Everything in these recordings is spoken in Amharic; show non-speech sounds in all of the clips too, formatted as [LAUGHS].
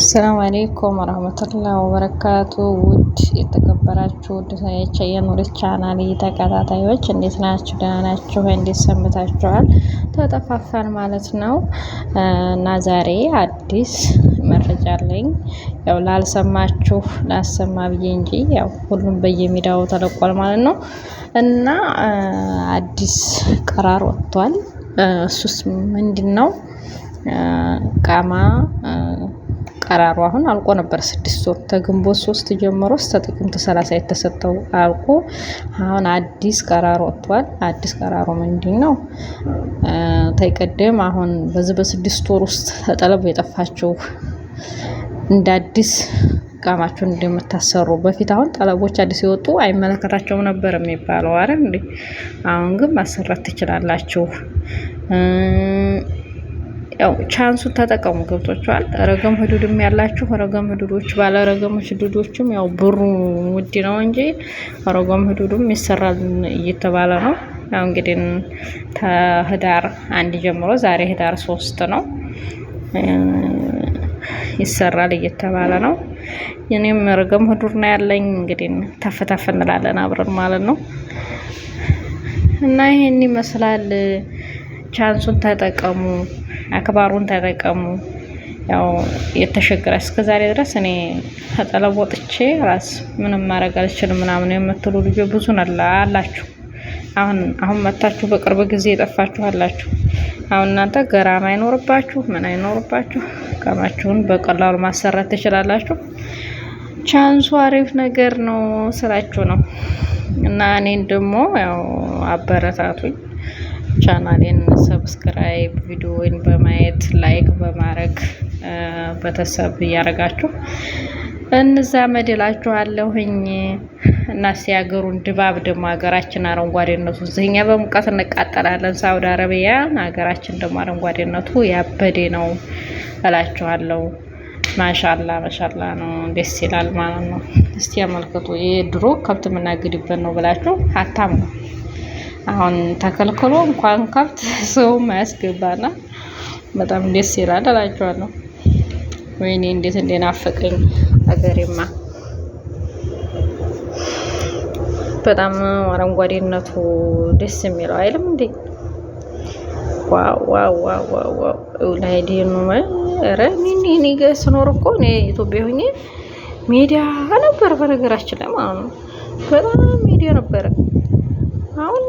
አሰላሙ አሌይኩም ወረህመቱላሂ ወበረካቱ። ውድ የተከበራችሁ ውድ የኑር ቻናል ተከታታዮች እንዴት ናችሁ? ደህና ናችሁ? እንዴት ሰምታችኋል? ተጠፋፋን ማለት ነው እና ዛሬ አዲስ መረጃ አለኝ። ያው ላልሰማችሁ ላሰማ ብዬ እንጂ ያው ሁሉም በየሜዳው ተለቋል ማለት ነው እና አዲስ ቀራር ወጥቷል። እሱስ ምንድን ነው? ቃማ አቀራሩ አሁን አልቆ ነበር ስድስት ወር ከግንቦት ሶስት ጀምሮ እስከ ጥቅምት ሰላሳ የተሰጠው አልቆ አሁን አዲስ ቀራሮ ወጥቷል። አዲስ ቀራሮ ምንድን ነው? ተይቀደም አሁን በዚህ በስድስት ወር ውስጥ ተጠለብ የጠፋቸው እንደ አዲስ ቃማቸውን እንደምታሰሩ በፊት አሁን ጠለቦች አዲስ የወጡ አይመለከታቸውም ነበር የሚባለው አይደል እንዴ? አሁን ግን ማሰራት ትችላላችሁ። ያው ቻንሱን ተጠቀሙ። ገብቷችኋል። ረገም ህዱድም ያላችሁ ረገም ህዱዶች፣ ረገም ህዱዶችም ያው ብሩ ውድ ነው እንጂ ረገም ህዱዱም ይሰራል እየተባለ ነው። ያው እንግዲህ ከህዳር አንድ ጀምሮ ዛሬ ህዳር ሶስት ነው ይሰራል እየተባለ ነው። እኔም ረገም ህዱር ነው ያለኝ። እንግዲህ ተፈታፈ እንላለን አብረን ማለት ነው እና ይሄን ይመስላል ቻንሱን ተጠቀሙ፣ አክባሩን ተጠቀሙ። ያው የተሸገረ እስከዛሬ ድረስ እኔ ተጠለወጥቼ ወጥቼ ራስ ምንም ማድረግ አልችልም ምናምን የምትሉ ልጆች ብዙ አላችሁ። አሁን አሁን መታችሁ በቅርብ ጊዜ የጠፋችሁ አላችሁ። አሁን እናንተ ገራም አይኖርባችሁ ምን አይኖርባችሁ፣ ቀማችሁን በቀላሉ ማሰራት ትችላላችሁ። ቻንሱ አሪፍ ነገር ነው ስላችሁ ነው እና እኔን ደግሞ ያው አበረታቱኝ። ቻናሌን ሰብስክራይብ፣ ቪዲዮውን በማየት ላይክ በማድረግ በተሰብ እያደረጋችሁ እንዛ መድላችኋለሁኝ እና ሲያገሩን ድባብ ደግሞ ሀገራችን አረንጓዴነቱ እዚህኛ በሙቀት እንቃጠላለን። ሳውዲ አረቢያ ሀገራችን ደግሞ አረንጓዴነቱ ያበዴ ነው እላችኋለሁ። ማሻላ ማሻላ ነው፣ ደስ ይላል ማለት ነው። እስቲ ያመልክቱ። ይሄ ድሮ ከብት የምናግድበት ነው ብላችሁ ነው። አሁን ተከልክሎ እንኳን ከብት [LAUGHS] ሰው ማያስገባና በጣም ደስ ይላል እላችኋለሁ። ወይኔ እንዴት እንደናፈቀኝ ሀገሬማ። በጣም አረንጓዴነቱ ደስ የሚለው አይልም እንዴ? ዋው ዋው ዋው ዋው! ኡላይዲ ነው ኧረ ምን እኔ ጋር ስኖር እኮ እኔ ኢትዮጵያ ሆኜ ሚዲያ ነበር በነገራችን ላይ ማለት ነው። በጣም ሚዲያ ነበረ። አሁን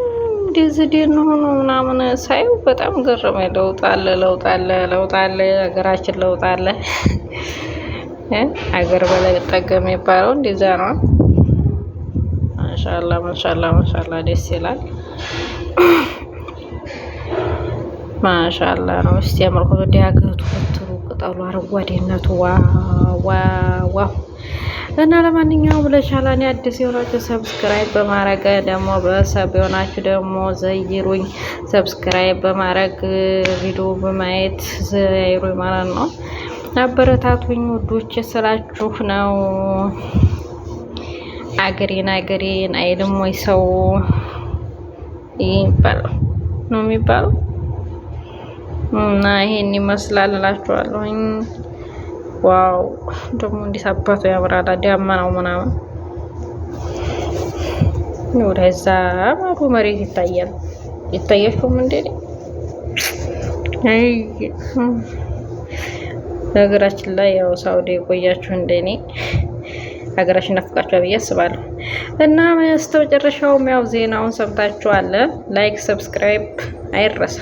እንደዚህ ደህና ሆኖ ምናምን ሳይው በጣም ገረመኝ። ለውጥ አለ፣ ለውጥ አለ፣ ለውጥ አለ፣ ሀገራችን ለውጥ አለ። ሀገር በላይ ጠገም የሚባለው እንደዛ ነው። ማሻላ ማሻላ ማሻላ ደስ ይላል። ማሻላ ነው። እስቲ ያመልኮት ወደ ሀገሪቱ ቅጠሉ አረንጓዴነቱ ዋ ዋ ዋ እና ለማንኛውም ለቻናሌ አዲስ የሆናችሁ ሰብስክራይብ በማድረግ ደግሞ በሰብ የሆናችሁ ደግሞ ዘይሩኝ ሰብስክራይብ በማድረግ ቪዲዮ በማየት ዘይሩኝ ማለት ነው። አበረታቱኝ ውዶች ስላችሁ ነው። አገሬን አገሬን አይልም ወይ ሰው ይባላል ነው የሚባለው እና ይሄን ይመስላል እላችኋለሁኝ። ዋው ደግሞ እንዴት አባቱ ያምራል። ዳማ ምናምን ወደዛ ማዶ መሬት ይታያል። ይታያችሁም እንዴ? አይ ነገራችን ላይ ያው ሳውዲ የቆያችሁ እንደኔ ሀገራችን ናፍቃችኋል ብዬ አስባለሁ። እና በስተመጨረሻውም ያው ዜናውን ሰምታችኋል። ላይክ ሰብስክራይብ አይረሳ።